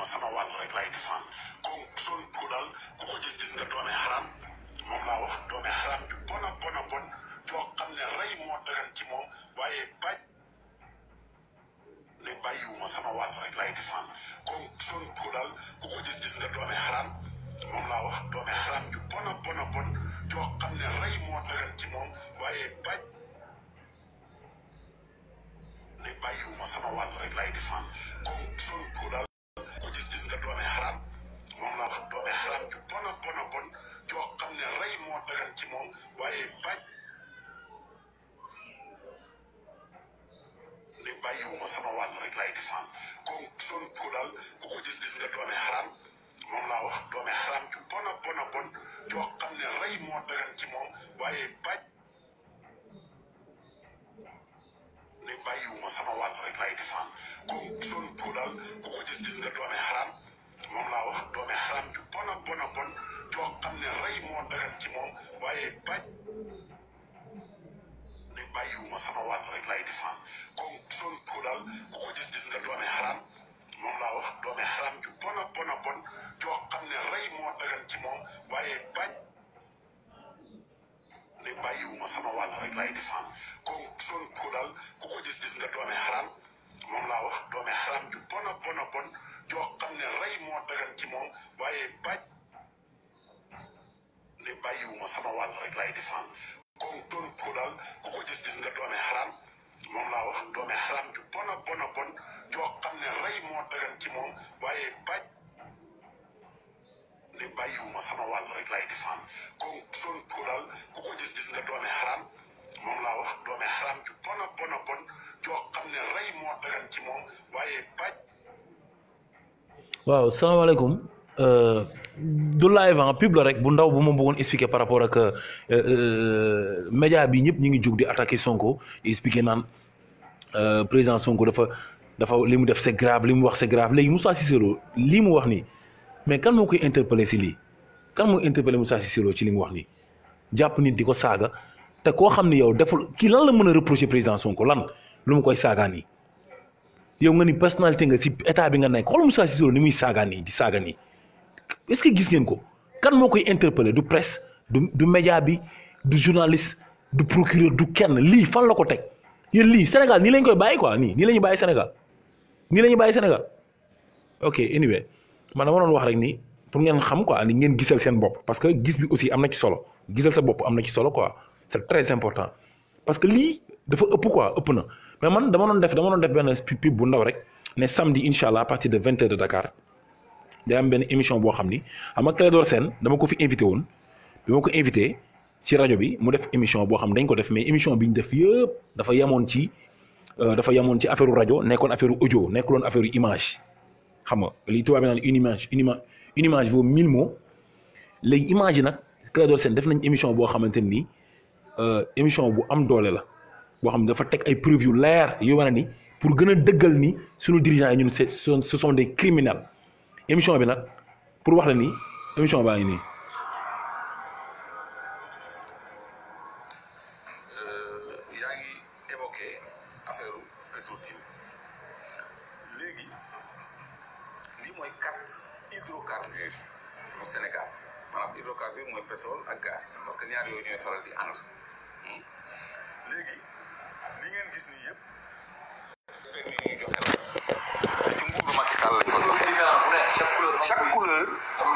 ma sama wàll rek lay defaan kon son ko daal ku ko gis gis nga doome xaram moom laa wax doome xaram bi bon a bon a bon joo xam ne rey moo dagan ci moom waaye bàyyi ne bàyyiwuma sama wàll rek lay defaan kon son ko daal ku ko gis gis nga doome xaram moom laa wax doome xaram bi bon a bon a bon joo xam ne rey moo dagan ci moom waaye bàyyi ne bàyyiwuma sama wàll rek lay defaan kon son ko daal gis-gis nga doomi xaram moom laa wax doomi xaram ju bon a bon a bon joo xam ne rey moo dagan ci moom waaye bàyyi ne bàyyiwuma sama wàll rek lay defaan kon son ko daal ku ko gis-gis nga doomi xaram moom laa wax doomi xaram ju bon a bon a bon joo xam ne rey moo dagan ci moom waaye bàyyi wu ma sama wàll rek lay defaan kooku ku ko gis gis nga doome xaram moom laa wax doome xaram ju bon a bon a bon joo xam ne rey moo dagan ci moom waaye bañ ne bàyyi ma sama wàll rek lay defaan kooku sori tuudal ku ko gis gis nga doome xaram moom laa wax doome xaram ju bon a bon a bon joo xam ne rey moo dagan ci moom waaye bañ. ne bàyyiwuma sama wàll rek lay defaan ko Sonko daal ku ko gis moom laa wax doome xaraam xam ne rey moo dagan ci moom waaye bàyyi ne bàyyiwuma sama daal ku ko gis gis nga doome xaraam moom laa wax doome xaraam ju bon a bon a bon joo xam ne rey moo dagan ci moom waaye bàyyi ne bàyyiwuma sama wàll rek lay defaan kon Sonko daal ku ko gis gis nga doome xaram moom laa wax doome xaram ju bon a bon a bon joo xam ne rey moo dagan ci moom waaye bàyyi. waaw salaamaaleykum. Euh, du live en ah, pub la rek bu ndaw bu ma bëggoon expliquer par rapport ak euh, euh, média bi ñëpp ñu ngi jug di attaquer Sonko expliquer naan président Sonko dafa dafa li mu def c'est grave li mu wax c'est grave léegi Moussa Cissé Lo lii mu wax nii. mais kan moo koy interpellé si lii kan moo interpellé Moussa Cissé Lo ci li mu wax nii jàpp nii di ko saaga te koo xam ne yow deful kii lan la mën a reprocher président Sonko lan lu mu koy saagaa nii yow nga ni personnalité nga si état bi nga nekk xool Moussa Cissé Lo ni muy saagaa nii di saaga nii est-ce que gis ngeen ko kan moo koy interpellé du presse du du média bi du journaliste du procureur du kenn lii fan la ko teg yéen lii Sénégal nii lañ koy bàyyi quoi nii nii la ñuy bàyyi Sénégal nii la ñuy bàyyi Sénégal ok anyway man dama doon wax rek ni pour ngeen xam quoi ni ngeen gisal seen bopp parce que gis bi aussi am na ci solo gisal sa bopp am na ci solo quoi c'est très important parce que lii dafa ëpp quoi ëpp na mais man dama doon def dama doon def benn pub bu ndaw rek ne samedi incha allah à partir de 20 heures de Dakar day am benn émission boo xam ni xam nga Clédor Sène dama ko fi invité woon bi ma ko invité ci rajo bi mu def émission boo xam dañ ko def mais émission bi ñu def yëpp dafa yemoon ci euh, dafa yemoon ci affaire rajo nekkoon affaire audio nekkuloon affaire image xam li tubaab bi naan une image une image une image vaut mille mots léegi image yi nag Clédor Sène def nañ émission boo xamante ni euh, émission bu am doole la boo xam dafa teg ay preview yu leer yu wane ni pour gën a dëggal ni suñu dirigeants yi ñun ce sont des criminels émission bi nag pour wax la ni émission baa ngi nii. mooy carte hydrocarbure bu Sénégal maanaam ak gaz parce que ñaar yooyu di ànd hmm? léegi ngeen gis nii yëpp chaque couleur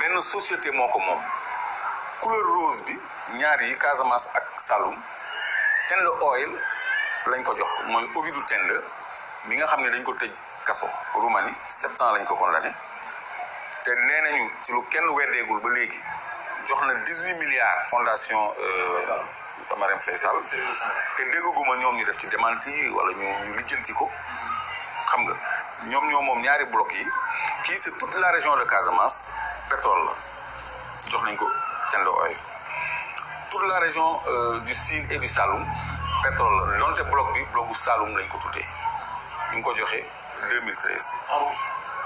benn société moo ko moom couleur rose bi ñaar yi Casamance ak Saloum Tende Oil lañ ko jox mooy Ovidiu Tende mi nga xam ne dañ ko tëj kaso Roumanie sept ans lañ ko condamné te nenañu ci lu kenn weddeegul ba légui jox na dix milliards fondation. Euh, Marème Faye Sall te dégguma ñom ñu def ci démenti wala ñu ñu lijjanti ko xam nga ñom ñoo mom ñaari bloc yi ki c'est toute la région de Casamance pétrole la jox nañ ko Thiendo Oil toute la région euh, du Sine et du Saloum pétrole la donte bloc bi blocu Saloum lañ ko tuddee ñu ko joxé 2013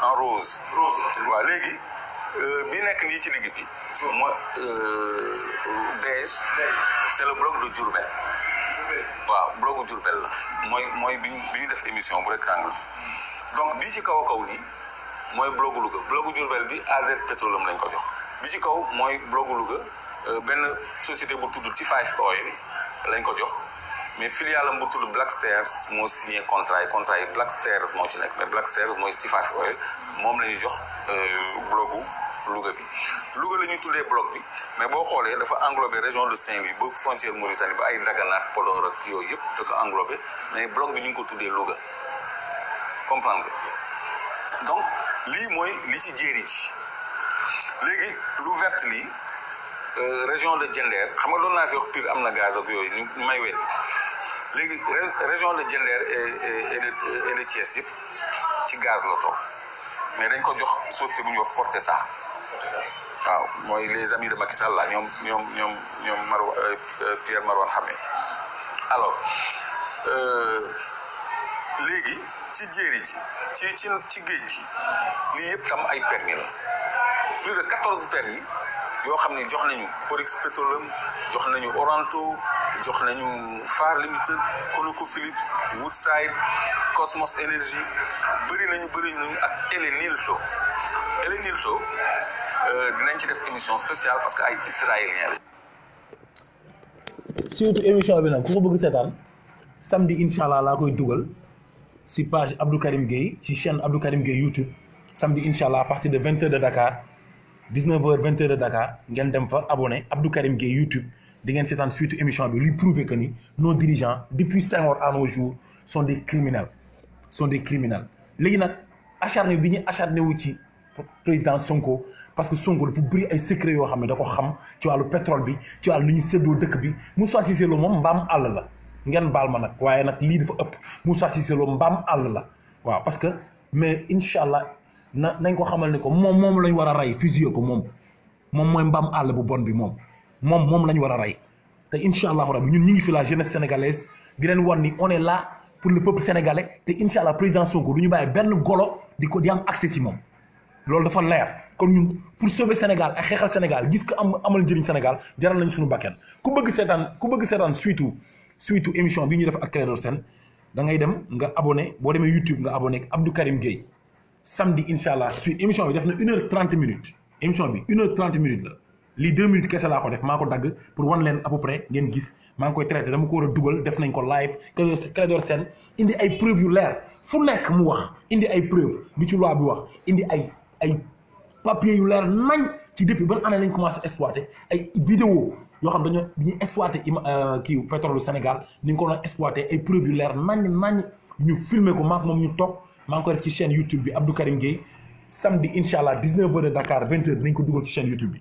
en rose. rose waaw léegi euh, bi nekk nii ci digg bi. mooy euh, beige. c'est le bloc de Diourbel. waaw bloc Diourbel la. mooy mooy bi ñu def émission bu rectangle. donc bii ci kaw a kaw nii mooy bloc Louga bloc Diourbel bi AZ Petroleum lañ ko jox. bi ci kaw mooy bloc Louga euh, benn société bu tudd ci Five Oil lañ ko jox mais filiale mbutu tudd Black Stars moo signé contrat et contrat Black Stars moo ci nekk mais Black Stars mooy Tifafi Oil mom lañu jox euh blogu Louga bi Louga lañu ñuy blog bi mais bo xolé dafa englober région de Saint-Louis ba frontière Mauritanie ba ay Dagana ak Podor ak yooyu yëpp da ko englobé mais blog bi ñu ko tuddee Louga comprendre donc li moy li ci jéri ji l'ouvert, lu vert euh, région de Diender xam nga doon la fi wax Pire am na gaz ak yooyu ñu may wet léegi région de Diender et et de Thiès yëpp ci gaz la toog mais dañ ko jox société bu ñuy wax Fortesa waaw mooy les amis de Macky Sall la ñoom ñoom ñoom ñoom Marwa euh, euh, Pierre xam Hamé alors euh, léegi ci jéeri ji ci ci ci géej gi lii yëpp tam ay permis la plus de quatorze permis yoo xam ne jox nañu Oryx Petroleum jox nañu Oranto jox nañu Far Limited philips Woodside Cosmos Energy bëri nañu bëri nañu ak Elenilso, nous euh, avons ci def émission spéciale parce que ay israélien la. surtout émission bi nag ku ko bëgg seetaan samedi la allah laa koy dugal si page Abdou Karim Gueye ci chaîne Abdou Karim gay YouTube samedi inchallah à partir de 20h de Dakar 19h 20h de Dakar ngeen dem fa abonné Abdou Karim Gueye YouTube di ngeen seetaan suite émission bi lui prouver que ni nos dirigeants depuis Senghor à nos jours sont des criminels sont des criminels les gens acharné bi ñu acharné wu ci président Sonko parce que Sonko vous bëri ay secret yoo xam ne da ko xam ci pétrole bi ci le lu ñu séddoo bi Moussa Cissé Lo moom mbaam àll la ngeen baal ma nag waaye nag lii dafa ëpp Moussa Cissé Lo bam allah la waaw parce que mais incha na nañ ko xamal mon ko moom moom lañ war a rey fusillé ko moom moom mooy mbaam àll bu bon bi moom mom mom la wara ray té inshallah te rabi ñun ñi ngi fi la jeunesse sénégalaise di leen wan ni on est là pour le peuple sénégalais te inshallah président Sonko duñu ñu bàyyi benn golo diko di am accès si moom loolu dafa leer kon ñun pour sauver Sénégal ak xéxal Sénégal gis ko am amal jëriñ Sénégal jaral nañ suñu bakkel ku bëgg sétane ku bëgg sétane suite suite émission bi ñu def ak Clédor sen da ngay dem nga abonné bo démé YouTube nga abonné ak Abdou Karim Gueye samedi inshallah suite émission bi def na une heure trente minutes émission bi une heure trente minutes la li 2 minutes kessa la ko def mako dag pour wan len a peu près ngeen gis mang koy traiter dama ko wara dougal def nañ ko live que Clédor Sène indi ay preuve yu leer fu nek mu wax indi ay preuve li ci loi bi wax indi ay ay papier yu leer nañ ci depuis ban année lañ commencé exploiter ay vidéo yo xam dañu ñu exploiter exploité euh, kii pétrole Sénégal ni ñu ko doon exploiter ay preuve yu leer nañ nañ ñu filmer ko mak mom ñu toog mang koy def ci chaîne YouTube bi Abdou Karim Gueye samedi incha 19h de Dakar 20h dinañ ko dougal ci chaîne YouTube bi.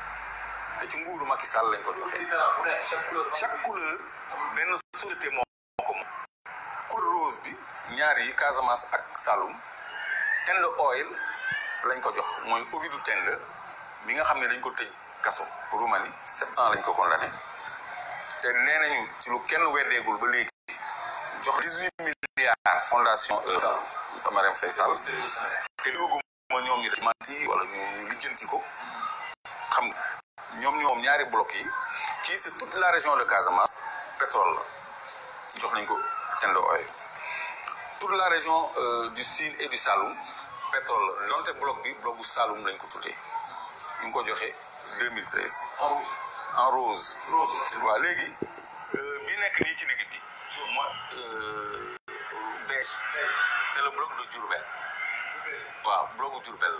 te ci nguuru Macky Sall lañ ko joxee chaque couleur benn société moo ko moom couleur rose bi ñaari yi Casamance ak Saloum Tend Oil lañ ko jox mooy Ovidiu la bi nga xam ne dañ ko tëj kaso Roumanie sept ans lañ ko condamné te nee nañu ci lu kenn weddeegul ba léegi jox dix-huit milliards fondation e. Marème Faye Sall te duguma ñoom ñu def manti wala ñu lijjanti ko xam ñom ñom moom ñaari bloc yi ki c'est toute la région de Casamance pétrole la jox nañ ko Tendo Oil toute la région euh, du Sine et du Saloum pétrole la donte bloc bi bloc du Saloum lañ ko tuté ñu ko joxé 2013. en rouge en rose. rose légui euh, bi nek ni ci digg bi. euh, beige. c'est le bloc de Diourbel. waaw bloc bu Diourbel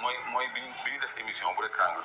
moy mooy mooy bi def émission bu rectangle.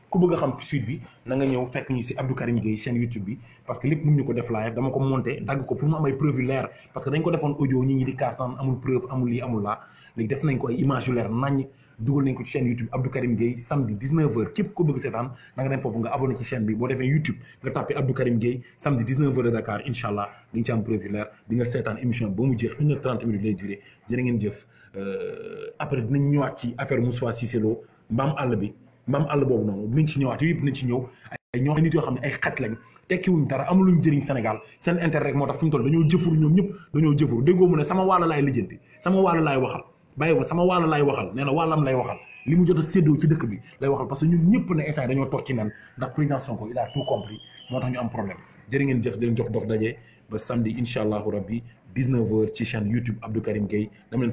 ku bëgg xam ci suite bi na nga ñëw fekk ñu si Abdou Karim Gueye chaîne YouTube bi parce que lépp mën ñu ko def live dama ko monté dagg ko pour mu am ay preuve yu leer parce que dañ ko defoon audio ñi ñi di kaas naan amul preuve amul lii amul laa léegi def nañ ko ay image yu leer nañ dugal nañ ko ci chaîne YouTube Abdou Karim Gueye samedi 19h képp ko bëgg seetaan na nga dem foofu nga abonné ci chaîne bi boo defee YouTube nga tapé Abdou Karim Gueye samedi 19h de Dakar incha allah di nga ci am preuve yu leer di nga seetaan émission ba mu jeex 1h30 minutes lay duré jërë ngeen jëf euh, après dinañ ñëwaat ci affaire Moussa Cissé Lo mbaam àll bi maam àll boobu noonu dinañ ci ñëwaat yëpp dinañ ci ñëw ñoo xam nit moo tax fu ñu toll dañoo jëfur ñoom ñëpp dañoo jëfur déggoo laay lijjanti ne instant dañoo a ñu am problème jërë ngeen jëf di leen jox dox dajee ba samedi incha allahu rabbi 19 heures ci chaîne YouTube Abdou Karim Gueye dama leen